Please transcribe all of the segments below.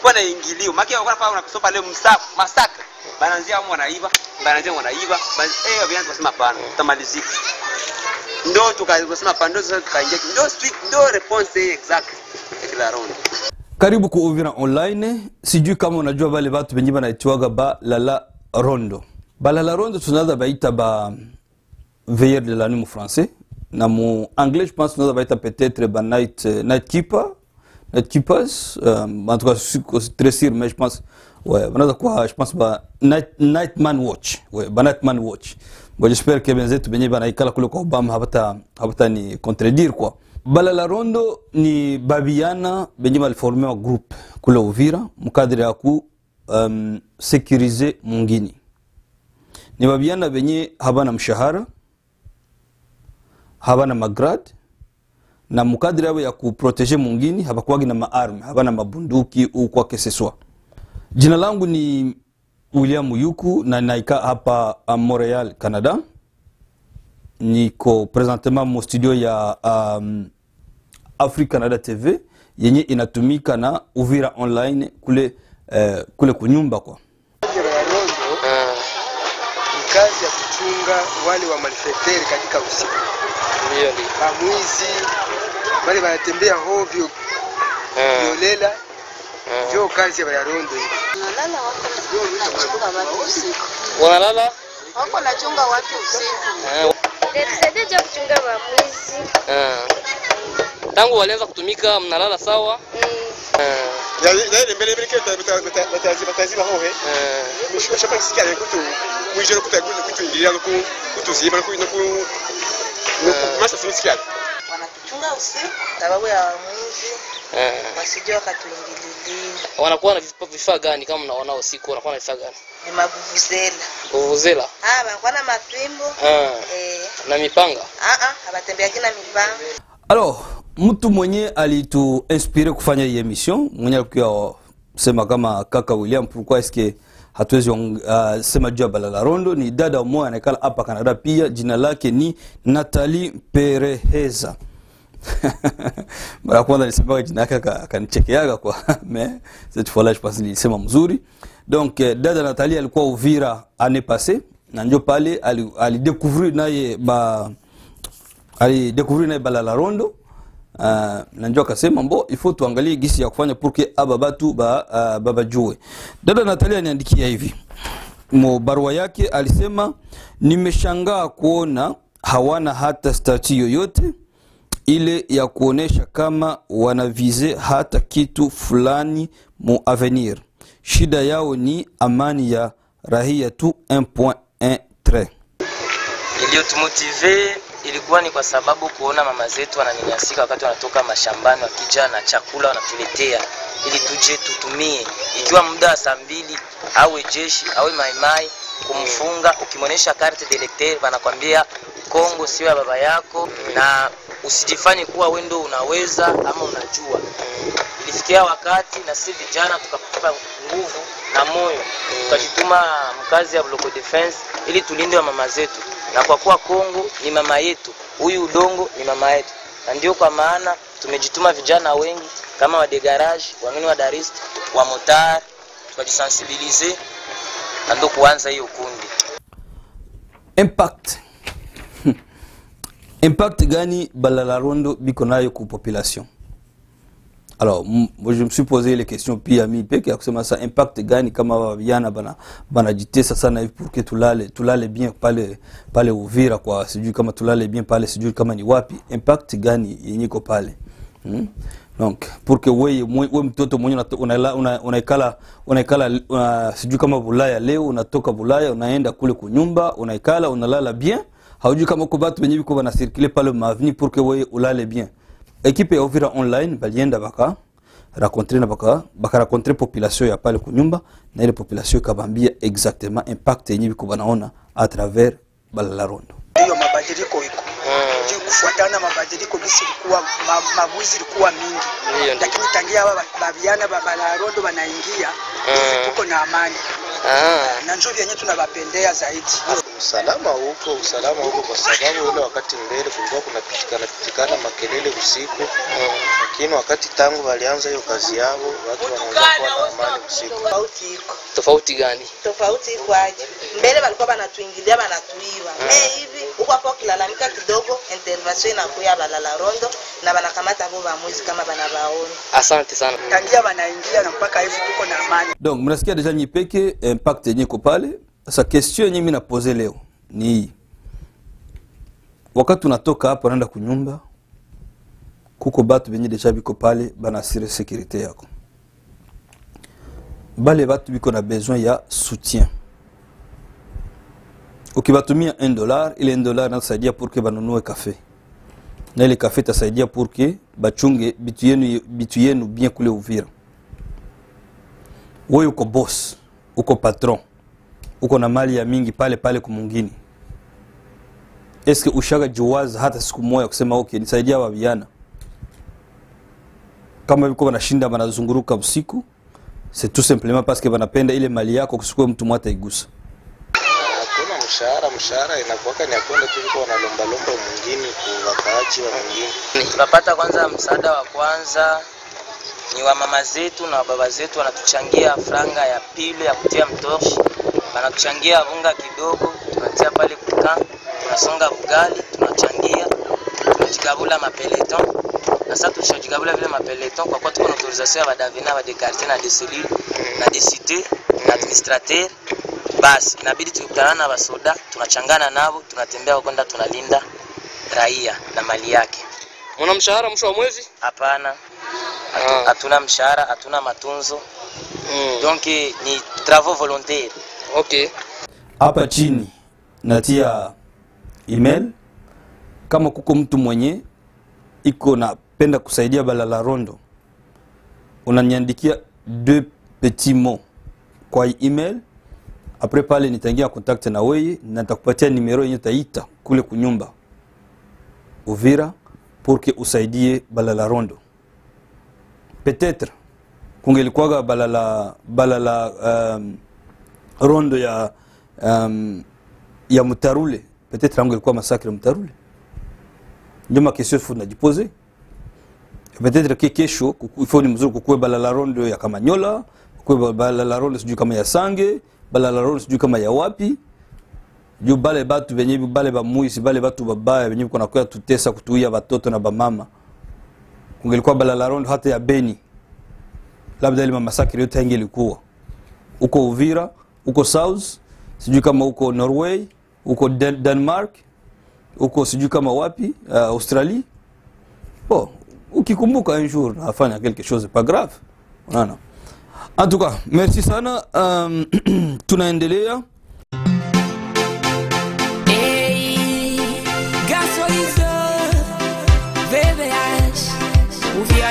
ilikuwa na ingilio maki walikuwa pale wanakusoma leo msafu masaka bananzia wamu wanaiva bananzia wanaiba eh vyanzo wasema pana tutamalizika ndo tukasema pana ndo sasa tukaingia ndo street ndo response exact kila round karibu ku Uvira Online. Sijui kama unajua bale watu benye banaitwaga ba lala rondo balala rondo tunaweza baita ba veyer de la nuit mu français na mu anglais je pense tunaweza baita peut-être ba night, eh, night keeper Euh, tu penses, euh, en tout cas, c'est très sûr, mais je pense, ouais, banaza kwa, je pense, ba, night, Nightman Watch, ouais, ba Nightman Watch. Bon, j'espère que benzetu benye banaikala kule kwa Obama habata, habata ni contredire quoi. la Rondo ni babiana benye baliformiwa group kule Uvira mkadiri ya ku um, euh, sekirize mungini. Ni babiana benye habana mshahara, habana magrade na mukadiri yabo ya kuproteje mungini habakuwagi na maarme habana mabunduki ukwa keseswa jina langu ni william yuku na naika hapa montreal canada niko presentement mo studio ya um, africa canada tv yenye inatumika na uvira online kule uh, kule kunyumba kwa uh, kazi ya kuchunga wale wa manifesteri katika usiku, ndio mwizi bali banatembea hovyo vyolela vyo kazi ya Bayarondo wanalala wako na chunga watu usiku tangu walianza kutumika mnalala sawa bataziba hohe mishobora kusikana kutu mwijoro kutaguza kutu indirira no kutuziba no ku masa simusikana tunachunga usiku sababu ya waamuzi uh, eh. wasije wakatuingililia. Wanakuwa na vifaa gani kama mnaona usiku? Wanakuwa na vifaa gani? Ni mabuvuzela. Vuvuzela? Ah, wanakuwa na mapimbo uh, eh, na mipanga. Ah, ah, hawatembeagi na mipanga. alo mtu mwenye alitu inspire kufanya hii emission mwenye alikuwa sema kama kaka William, pourquoi est-ce que hatuwezi uh, sema juu ya Balala Rondo. Ni dada mmoja anakala hapa Canada, pia jina lake ni Natalie Pereheza. mara ya kwanza nilisemaga jina yake akanichekeaga kwa me c'est là je pense nilisema mzuri donc eh, dada Natalia alikuwa Uvira année passée na ndio pale alidecouvrir ali naye ba alidecouvrir naye bala la rondo Uh, na njo akasema mbo ifo tuangalie gisi ya kufanya purke aba batu ba, uh, ah, baba babajue. Dada Natalia niandikia hivi mo barua yake, alisema nimeshangaa kuona hawana hata stati yoyote ile ya kuonesha kama wanavize hata kitu fulani mu avenir. Shida yao ni amani ya rahia tu 1.13 iliyotumotive ilikuwa ni kwa sababu kuona mama zetu wananyanyasika wakati wanatoka mashambani wakija na chakula wanatuletea ili tuje tutumie, ikiwa muda wa saa mbili awe jeshi awe maimai kumfunga. Ukimwonyesha carte d'electeur wanakwambia Kongo sio ya baba yako, na usijifanye kuwa wewe ndio unaweza ama unajua. Ilifikia wakati na si vijana tukapata nguvu na moyo tukajituma mkazi ya Bloco Defense ili tulinde wa mama zetu, na kwa kuwa Kongo ni mama yetu, huyu udongo ni mama yetu, na ndio kwa maana tumejituma vijana wengi kama wa degarage, wengine wa darist, wa motar, tukajisensibilize na ndo kuanza hiyo kundi. Impact impact gani Balalarondo biko nayo ku population? Alors, je me suis posé les questions pia mi peke ya kusema sa impact gani kama vijana bana banajitesa sana hivi pour que tulale tulale bien pale pale Uvira kwa sijui kama tulale bien pale sijui kama ni wapi impact gani yenyiko pale hmm? donc pour que wewe wewe mtoto mwenyewe unaikala una, on unaikala una, sijui kama Bulaya leo unatoka on unaenda kule kunyumba unaikala unalala bien, haujui kama uko batu wenyewe biko bana circuler pale mavni pour que wewe ulale bien. Ekipe ya Uvira online balienda baka racontre na baka baka racontre population ya pale kunyumba na ile population kabambia exactement impact yenyewe biko à travers balala rondo mm. kufuatana mabadiliko bisi ilikuwa ma, maguzi ilikuwa mingi Ndiyo, lakini tangia babiana babalarondo banaingia mm. tuko na amani ah. na njo vyenye tunabapendea zaidi ah, Usalama huko, usalama huko kwa sababu ule wakati mbele kulikuwa kunapitikana pitikana makelele usiku, lakini wakati tangu walianza hiyo kazi yao watu wanaanza kuwa na amani usiku. Tofauti iko. Tofauti gani? Tofauti iko aje? Mbele walikuwa banatuingilia banatuiwa. Mm. Eh, hivi huko hapo kilalamika kidogo, intervention inakuya balala rondo na banakamata vo bamwizi kama banabaona. Asante sana. Tangia banaingia na mpaka hivi tuko na amani. Donc mnasikia deja nyipeke impact yenye pale Sasa question yenyewe mimi napoze leo ni wakati unatoka hapa naenda kunyumba, kuko batu benye deja biko pale banasire sekirite yako, bale batu biko na besoin ya soutien. Ukibatumia 1 dollar, ile 1 dollar inasaidia purke banunue kafe na ile kafe pour que bachunge bitu yenu, bitu yenu bien kule Uvira. Wewe uko boss, uko patron uko na mali ya mingi pale pale kumungini eske ushaga juwaza hata siku moja kusema okay nisaidia wa vijana kama viko wanashinda wanazunguruka usiku c'est tout simplement parce que wanapenda ile mali yako kusikue mtu mwata igusa kuna mshahara mshahara inakuwa ni akwenda tu kwa na lomba lomba mwingine kwa kuwakaaji wa mwingine tunapata kwanza msaada wa kwanza ni wamama zetu na wababa zetu wanatuchangia franga ya pili ya kutia mtoshi, wanatuchangia unga kidogo, tunatia pale kuka, tunasonga ugali, tunachangia, tunajikabula mapeleton na sasa tushajikabula vile mapeleton kwa kuwa tuko na autorisation ya badavina ba dekartier na deselule na desite na administrateur basi inabidi tukutana na basoda tunachangana nao, tunatembea kwenda, tunalinda raia na mali yake. Una mshahara mwisho wa mwezi? Hapana. Ah. hatuna mm. mshahara, hatuna matunzo mm. donc ni travaux volontaire. Okay. Hapa chini natia email kama kuko mtu mwenye iko napenda kusaidia bala la Rondo, unaniandikia deux petits mots kwa email apres pale nitaingia contact na wewe na nitakupatia nimero yenye taita kule kunyumba Uvira pour que usaidie bala la Rondo peut-être kungelikuwaga bala la bala la um, rondo ya um, ya Mutarule, peut-être langu ilikuwa masakre Mutarule. Ndio makesho fu najipose peut-être ke kesho ifo ni mzuri kukuwe bala la rondo ya Kamanyola, kukuwe bala la rondo sijui kama ya Sange, bala la rondo sijui kama ya wapi juu bale batu benye bale bamwisi bale batu babaya benye biko nakuya tutesa kutuia batoto na bamama kungelikuwa balala rondo hata ya Beni, labda ile mamasakri yote ingelikuwa uko Uvira, uko South, sijui kama uko Norway, uko Den Denmark, uko sijui kama wapi uh, Australie. Bon, ukikumbuka un jour nafanya quelque chose pas grave, unaona. En tout cas, merci sana. Um, tunaendelea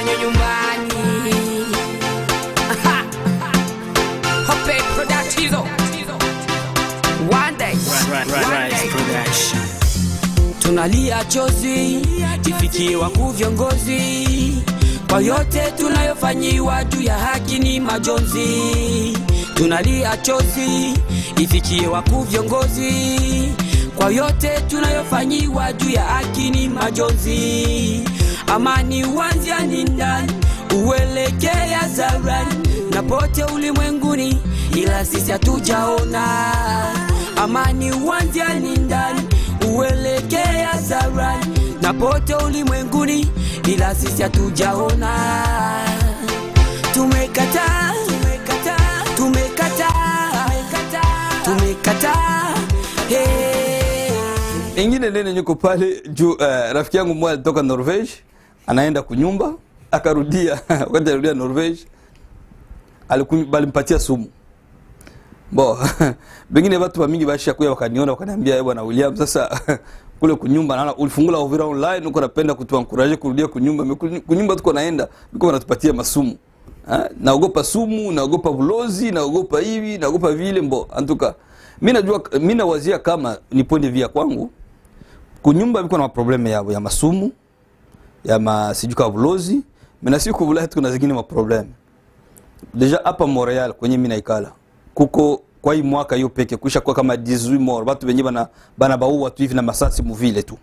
kwenye nyumbani Tunalia chozi tifikiwa wakuu viongozi kwa yote tunayofanyiwa juu ya haki ni majonzi. Tunalia chozi ifikie wakuu viongozi kwa yote tunayofanyiwa juu ya haki ni majonzi amani uanzia ni ndani, uelekea zarani na pote ulimwenguni, ila sisi hatujaona. Amani uanzia ni ndani, uelekea zarani na pote ulimwenguni, ila sisi hatujaona. Tumekataa, tumekataa, tumekataa, tumekataa, hey. Ingine nene nyuko pale juu, uh, rafiki yangu mmoja alitoka Norvege anaenda kunyumba, akarudia wakati alirudia Norvege balimpatia sumu bo bengine watu wamingi bashakuya wakaniona wakaniambia, e bwana William, sasa kule kunyumba naona ulifungula Uvira online, uko napenda kutuankuraje kurudia kunyumba. Kunyumba tuko naenda mko wanatupatia masumu ha? naogopa sumu, naogopa ulozi, naogopa hivi, naogopa vile. Mbo antuka mimi najua mimi nawazia kama ni point vya kwangu kunyumba, mko na problem yao ya masumu ama sijui ka ulozi mina siku kuvula hati kuna ma problem deja hapa Montreal kwenye mimi naikala kuko kwa hii mwaka hiyo peke kuisha kwa kama 18 mort watu wenye bana bana baua tu hivi na masasi muvile tu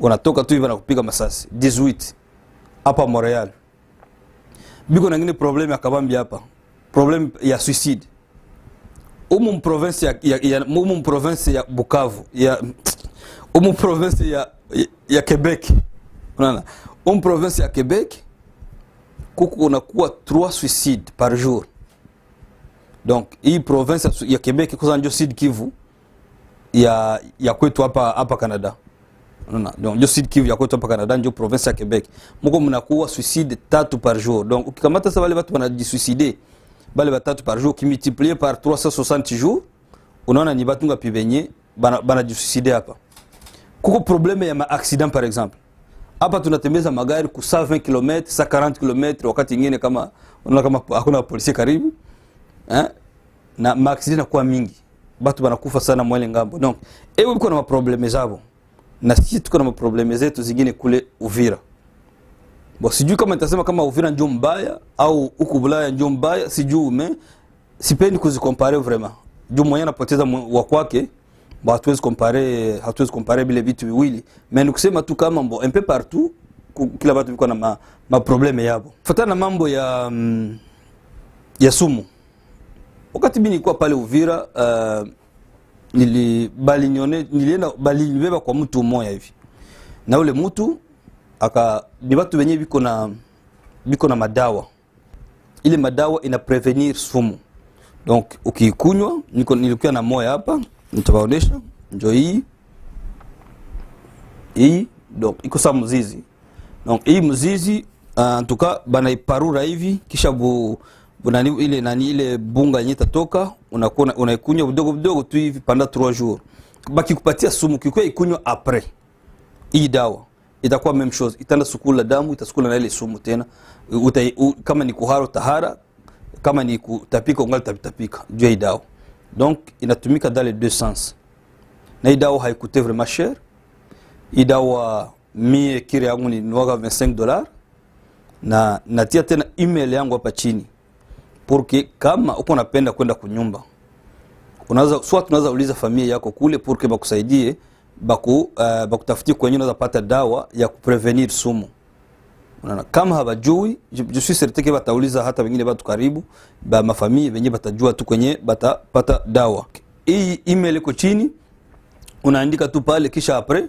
wanatoka tu hivi na kupiga masasi 18 hapa Montreal biko na ngine problem ya kabambi hapa problem ya suicide umu province ya, ya, ya umu province ya Bukavu ya umu province ya, ya, ya Quebec unaona um province ya quebec a quoi 3 suicides par jour donc hii province ya quebec kwanza ndio sud kivu ya ya kwetu hapa hapa canada unaona donc ndio sud kivu ya kwetu hapa canada ndio province ya quebec mko mnakuwa suicide 3 par jour donc ukikamata sasa wale watu wanajisuicide bale batatu par jour ukimultiplier par 360 jours unaona ni batunga pibenye bana, bana hapa kuko probleme ya accident par exemple hapa tunatembeza magari ku 20 km sa 40 km wakati ingine kama unaona kama hakuna polisi karibu eh? na na nakuwa mingi watu wanakufa sana mwele ngambo donc hebu uko na probleme zao na sisi tuko na ma probleme zetu zingine kule Uvira bo sijui kama nitasema kama Uvira ndio mbaya au huko Bulaya ndio mbaya sijui me sipendi kuzikompare vraiment juu mwenye anapoteza wa kwake Ba, hatuwezi kompare, hatuwezi kompare bile vitu viwili, me nikusema tu kama mambo mpe partout kila watu vilikuwa na ma, ma probleme yabo fatana na mambo ya mm, ya sumu. Wakati mimi nilikuwa pale Uvira uh, nili bali nyone nilienda bali nibeba kwa mtu mmoja hivi, na ule mtu aka ni watu wenyewe biko na biko na madawa, ile madawa ina prevenir sumu, donc ukiikunywa, nilikuwa na moyo hapa nitawaonesha njo hii hii donc iko sa mzizi donc hii mzizi uh, ah, tuka banaiparura hivi kisha bu, bunani, ile nani ile bunga yenye itatoka unakuwa unaikunywa vidogo vidogo tu hivi panda 3 jours baki kupatia sumu kikwe ikunywa après hii dawa itakuwa meme chose itanda sukula damu itasukula na ile sumu tena Uta, u, kama ni kuharo tahara kama ni kutapika ungali tapika jua hii dawa Donc inatumika dans les deux sens. Na idawa haikuté vraiment cher. Idawa mie kiri yangu ni nwaga 25 dollars na natia tena email yangu hapa chini porque kama uko napenda kwenda kunyumba unaweza swat unaweza uliza familia yako kule porque bakusaidie baku, uh, bakutafutie kwenye unaweza pata dawa ya kuprevenir sumu unaona kama hawajui jusi suis batauliza hata wengine batu karibu ba mafamii wenye batajua tu kwenye batapata dawa hii email iko chini unaandika tu pale kisha apres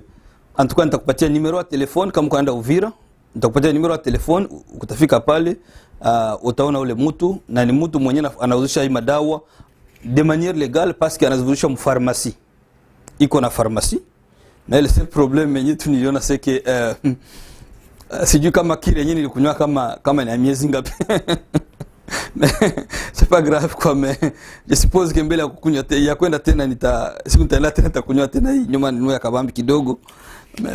antuka nitakupatia numero ya telefone kama ukaenda uvira nitakupatia numero ya telefone ukitafika pale uh, utaona ule mtu na ni mtu mwenye anauzisha hii madawa de manière légale parce que anazuzisha pharmacie iko na pharmacie na ile c'est problème yenyewe tuniona niliona seke uh, Eh, sijui kama kile yenyewe nilikunywa kama kama na miezi ngapi c'est pas grave quoi mais je suppose que mbele ya kukunywa te, ya kwenda tena nita siku nitaenda tena nitakunywa tena hii nyuma ninua kabambi kidogo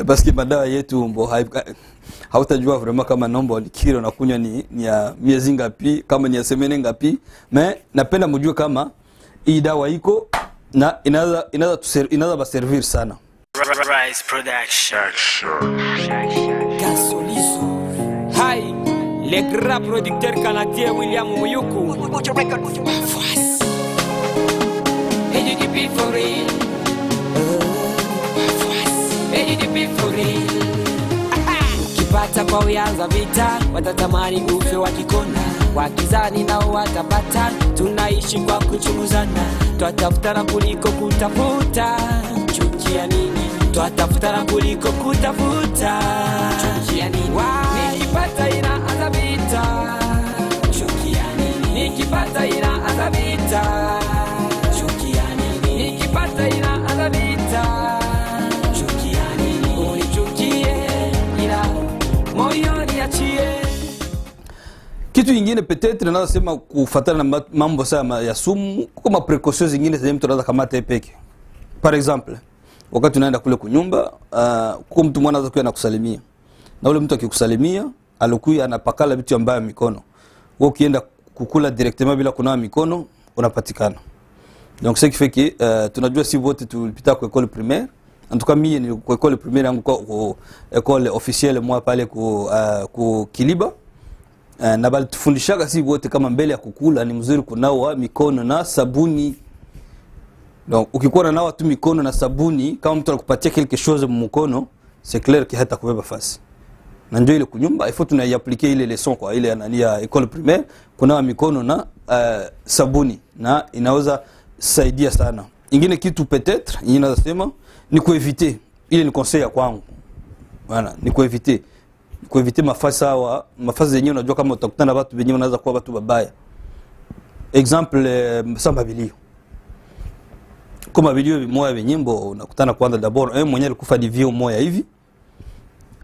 basi kwa madawa yetu mbo hautajua vrema kama nombo kile unakunywa ni, ni ya miezi ngapi kama ni ya semene ngapi me napenda mjue kama hii dawa iko na inaweza inaza inaweza baservir sana Rise production les grands producteurs canadiens William Muyuku. Kipata kwa uyanza vita, watatamani ufe wakikona, wakizani nao watapata. Tunaishi kwa kuchunguzana, twatafutana kuliko kutafuta. Chukia nini? Twatafutana kuliko kutafuta. Chukia nini? Nikipata ina nikipata ila nikipata ila unichukie ila kitu ingine petetre naweza sema kufatana na mambo sana ya sumu kuko maprekaution zingine zenye mtu anaweza kamata epeke par exemple wakati unaenda kule kunyumba uh, kuko mtu mwana anaweza kuwa anakusalimia na ule mtu akikusalimia alikuwa anapakala vitu ambayo mikono wewe ukienda kukula directement bila kunawa mikono unapatikana donc ce qui fait que uh, tunajua si wote tulipita kwa école primaire en tout cas mimi ni kwa école primaire yangu kwa école officielle moi pale ku, uh, ku Kiliba uh, na bali tufundishaga si wote kama mbele ya kukula ni mzuri kunawa mikono na sabuni donc ukikuwa na nawa tu mikono na sabuni kama mtu anakupatia quelque chose mkono c'est clair que hata kubeba fasi na ndio ile kunyumba ifo tunaiaplikia ile leson kwa ile nani ya ecole primaire kunawa mikono na uh, sabuni na inaweza saidia sana ingine kitu peut-être ingine naweza sema ni kuevite ile ni conseil ya kwangu bwana ni kuevite kuevite mafasi sawa mafasi yenyewe unajua kama utakutana watu wenyewe wanaweza kuwa watu babaya Example uh, samba bilio kama bilio moya wenyimbo unakutana kwanza d'abord eh mwenye alikufa divio moya hivi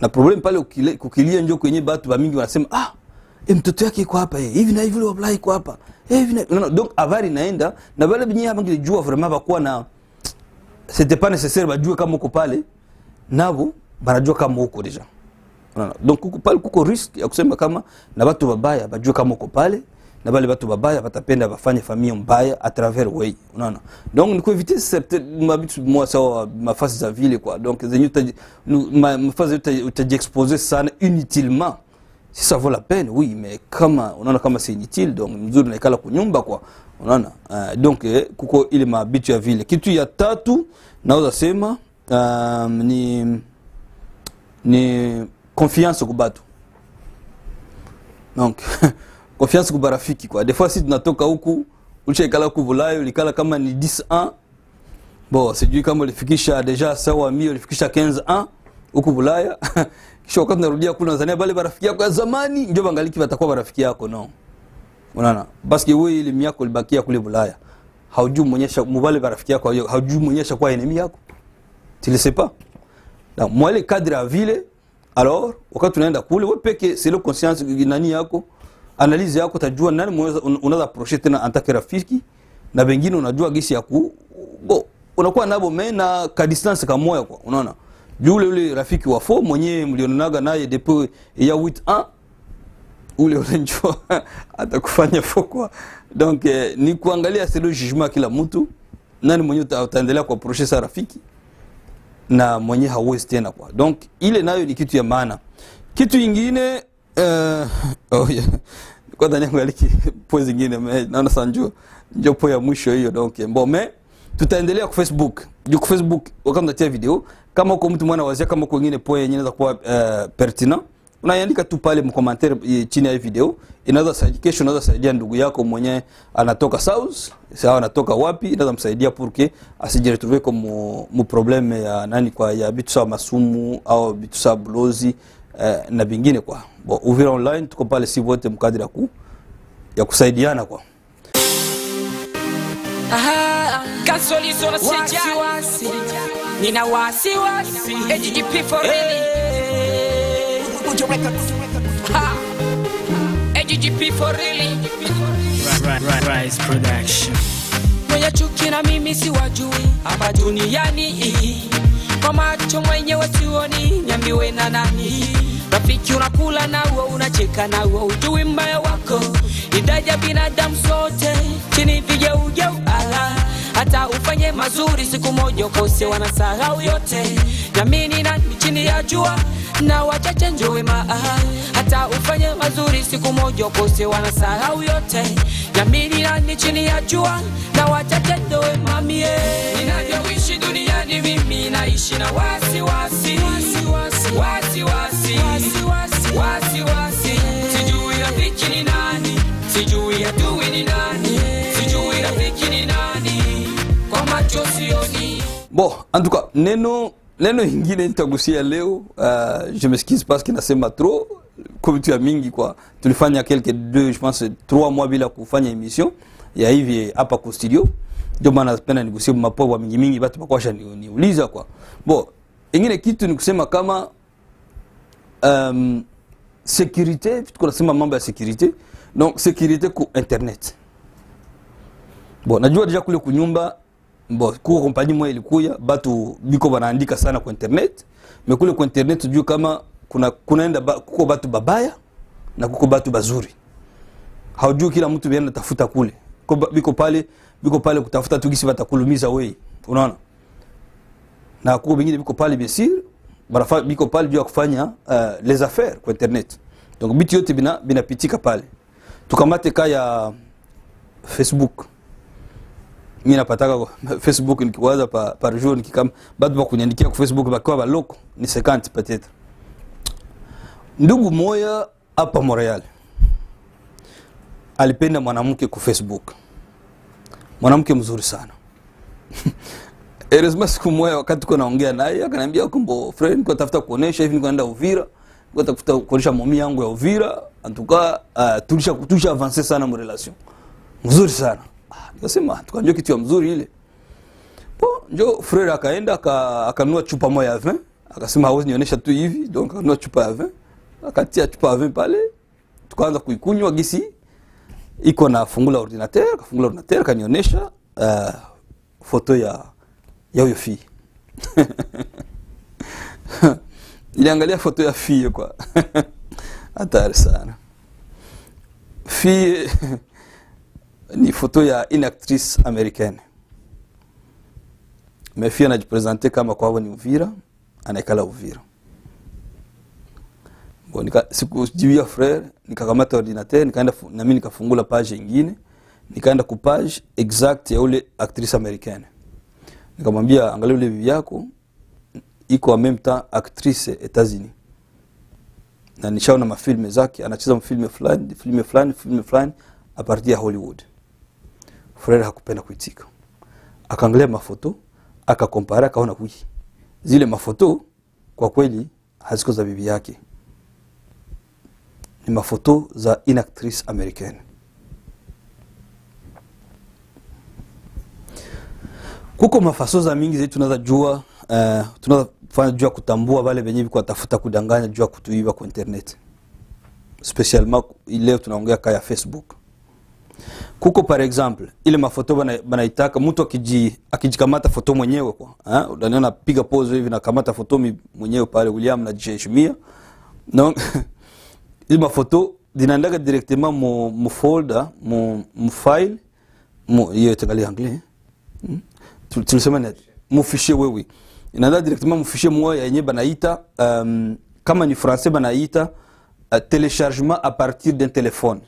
na problem pale kukilia njo kwenye batu bamingi wanasema ah, e, mtoto yake iko hapa eh, hivi na hivi wallahi iko hapa eh, hivi na no, no, donc avari naenda na wale binyi hapa ngilijua vraiment bakuwa na c'était pas nécessaire bajue kama uko pale nabo banajua kama uko deja no, no, donc kuko pale kuko risk ya kusema kama na watu wabaya bajue kama uko pale na bale bato babaya batapenda bafanye famille mbaya a travers way unaona donc ni kuevite certaine mabitu mwa sawa mafasi za vile kwa donc zenyu ma, mafasi utajiexpose sana inutilement si ça vaut la peine oui mais kama unaona kama si inutile donc mzuri naikala kunyumba kwa unaona uh, donc eh, kuko ile mabitu ya vile kitu ya tatu naweza sema um, ni ni confiance kubatu donc confiance kwa barafiki kwa. Des fois si tunatoka huku ulishaikala huku vulayo ulikala kama ni 10 ans. bo sijui kama ulifikisha deja sawa 100 ulifikisha 15 ans huku vulaya Kisha wakati narudia kule Tanzania bali barafiki yako ya zamani ndio bangaliki watakuwa barafiki yako no. Unaona? Basi wewe elimu yako ulibakia kule vulaya Haujui muonyesha mubale barafiki yako haujui muonyesha kwa enemi yako. Tu le sais pas. Donc moi les alors wakati unaenda kule wewe peke c'est le conscience nani yako analyze yako utajua nani unaweza approach tena antake rafiki na wengine unajua gisi ya ku go. unakuwa nabo me na ka distance ka kamoya kwa unaona yule yule rafiki wa fo mwenyewe mlionaga naye depuis ya 8 ans ule unajua atakufanya fokwa donc eh, ni kuangalia selo jugement kila mtu nani mwenye utaendelea kwa approach sa rafiki na mwenye hawezi tena kwa donc ile nayo ni kitu ya maana kitu kingine Uh, oh yeah. yangu aliki poe zingine naona sana njoo njoo poe ya mwisho hiyo donc mbome tutaendelea kwa Facebook. Juu Facebook wakati tunatia video kama uko mtu mwana wazia kama uko wengine poe yenyewe za kuwa uh, pertinent unaandika tu pale commentaire chini ya hii video, inaweza saidia kesho, inaweza saidia ndugu yako mwenye anatoka South sawa, anatoka wapi, inaweza msaidia purke asijiretrouve ko mu, mu probleme ya nani kwa ya bitu sawa masumu au bitu sawa blozi Eh, na vingine kwa Bo, Uvira Online tuko pale si wote mkadiri ku, ya kusaidiana kwa Aha, nina for really for really Production mwenye chuki na mimi wajui hapa duniani kwa macho mwenyewe sioni nyambiwe na nani Marafiki unakula na huo unacheka na huo ujui mbaya wako, idaja binadamu sote chini vijeujeu ala hata ufanye mazuri siku moja ukose, wanasahau yote. Yamini na chini ya jua na wachache ndio wema, hata ufanye mazuri siku moja ukose, wanasahau yote. Yamini na chini ya jua na wachache ndio wema. Mie ninavyoishi duniani, mimi naishi na wasiwasi wasi. wasi wasi bon en tout cas neno neno ingine nitagusia leo uh, je m'excuse parce que nasema trop tu as mingi kwa tulifanya quelques deux je pense trois mois bila kufanya emission ya hivi hapa ku studio ndio maana napenda nigusie mapobwa mingi mingi, watu wakwasha niuliza kwa bo ingine kitu ni kusema kama um, euh, security tunasema mambo ya sécurité donc security ku internet bo najua deja kule kunyumba bo kuko kompanyi moya ilikuya batu biko banaandika sana ku internet me kule ku internet tujue kama kuna kunaenda ba, kuko batu babaya na kuko batu bazuri haujui kila mtu biana tafuta kule biko pale biko pale kutafuta tugisi batakulumiza wei unaona na kuko bingine biko pale bien sûr barafaa biko pale juu ya kufanya uh, les affaires kwa internet donc bitu yote bina binapitika pale tukamate ka ya facebook mi napataka facebook nikiwaza pa, par jour nikikama batu bakuniandikia ku facebook bakiwa baloko ni 50 peut-être ndugu moya hapa Montreal alipenda mwanamke ku Facebook, mwanamke mzuri sana Erasma siku moja wakati tuko naongea naye akaniambia, kumbo friend, kwa tafuta kuonesha hivi, nikaenda Uvira, kwa tafuta kuonesha momi yangu ya Uvira. Antuka uh, tulisha kutusha avance sana mu relation mzuri sana. Ah, nikasema tukajua kitu ya mzuri ile. Po njo frere akaenda akanua chupa moja ya vin, akasema hawezi nionesha tu hivi, donc akanunua chupa ya vin, akatia chupa ya vin pale, tukaanza kuikunywa gisi iko na fungula ordinateur, kafungula ordinateur kanionesha uh, foto ya ya fi iliangalia foto ya fi kwa hatari sana fi ni foto ya inactrice actrice americaine mefie anajipresente kama kwavo ni uvira anaikala uvira bon nika, sikujiwia frere nikakamata ordinateur nikaenda nami nikafungula page ingine nikaenda kupage exact ya ule actrice americaine nikamwambia angalia ule bibi yako iko amemta actrice etazini na nishaona mafilme zake anacheza mfilme fulani filme fulani filme fulani apartia ya hollywood frere hakupenda kuitika akaangalia mafoto akakompare akaona wi zile mafoto kwa kweli haziko za bibi yake ni mafoto za inactrice americaine kuko mafasoza mingi zetu tunaza jua uh, eh, tunaza fanya jua kutambua wale wenye biko watafuta kudanganya jua kutuiba kwa internet specialement leo tunaongea kaya Facebook kuko par example ile mafoto bana, banaitaka mtu akiji akijikamata foto mwenyewe kwa eh unaniona piga pose hivi na kamata foto mwenyewe pale William na Jeshmia no ile mafoto dinaendaga directement mu, mu folder mu, mu file mu yeye tegali anglais hmm? tulisema mufishe wewe inaenda directement mufishe mwa yenye banaita um, kama ni français banaita uh, téléchargement à partir d'un téléphone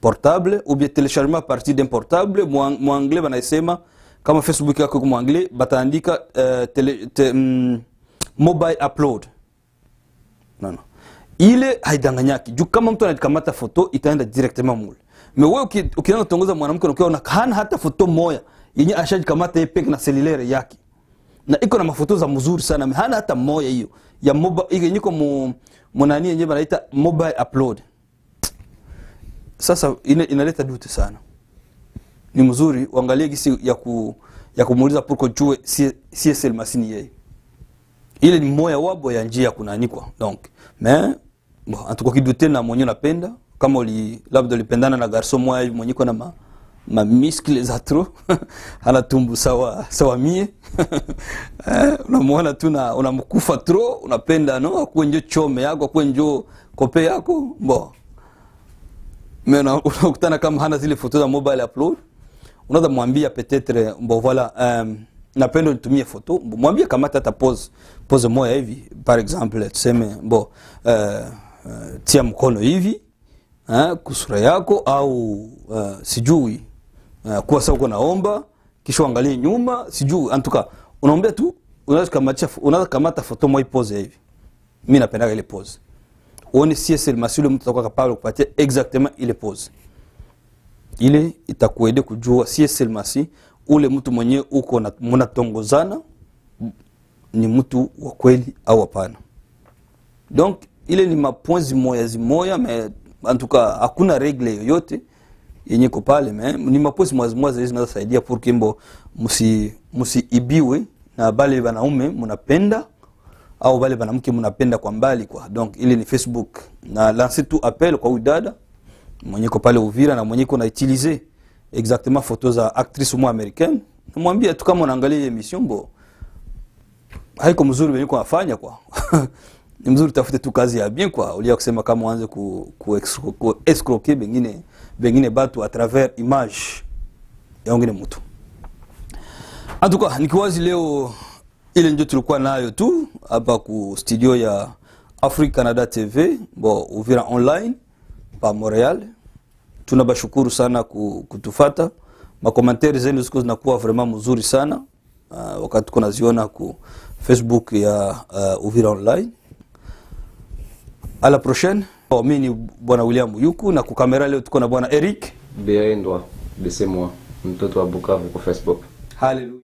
portable ou bien téléchargement à partir d'un portable mwanglais banaisema kama facebook yako mwanglais bataandika uh, tele, te, um, mobile upload no, no. ile haidanganyaki juu kama mtu anakamata foto itaenda directement mule me wewe ukianza kutongoza mwanamke unakiona hata foto moya yenye ashajikamata ye peke na selilere yake na iko na mafotoza mzuri sana hana hata moya hiyo ya moba iko mu, munani yenye banaita mobile upload sasa ina, inaleta dute sana ni mzuri uangalie gisi ya ku ya kumuuliza purko jue CSL masini yeye ile ni moya wabo ya njia kunanikwa donc mais bon en tout cas kidute na mwenyewe napenda kama uli labda ulipendana na garso moya mwenyewe na ma, ma muscle za trop tumbu sawa sawa mie eh, unamwona tu na unamkufa tro unapenda no akuwe njo chome yako akuwe njo kope yako bo unakutana kama hana zile foto za mobile upload unaweza mwambia peut-être bo voilà um, napenda nitumie photo mwambie kama hata pose pose moja hivi par exemple tuseme bo uh, eh, uh, eh, tia mkono hivi eh, kusura yako au uh, sijui Eh, kuwa saa uko naomba kisha uangalie nyuma sijuu antuka unaombea tu unaweza kamatisha unaweza kamata photo moi pose hivi mimi napenda ile pose uone si c'est le masule mtu atakuwa capable kupatia exactement ile pose ile itakuende kujua si c'est le masi ule mtu mwenye uko na mnatongozana ni mtu wa kweli au hapana donc ile ni mapoints zimoya zimoya mais antuka hakuna regle yoyote yenyeko pale me ni mapozi mwazimwazi zinazosaidia purki mbo musiibiwe musi na bale banaume munapenda au bale banamke munapenda kwa mbali kwa donc ili ni facebook na lance tu appel kwa udada mwenyeko pale uvira na mwenyeko na utiliser exactement photo za actrice mwa americaine namwambia tu kama unaangalia emission bo haiko mzuri mwenye kwa afanya kwa ni mzuri tafute tu kazi ya bien kwa ulia kusema kama uanze ku, ku, ku escroke bengine bengine batu a travers image ya ngine mtu antuka nikiwazi leo ile ndio tulikuwa nayo tu hapa ku studio ya Africa Canada TV bo Uvira online pa Montreal tunabashukuru sana kutufata ma commentaires zenu ziko zinakuwa vraiment mzuri sana uh, wakati tuko naziona ku Facebook ya uh, Uvira online À la prochaine. Oh, Mimi ni bwana William yuku na kukamera leo tuko na bwana Eric Beendwa, bese moi mtoto wa Bukavu kwa Facebook. Hallelujah.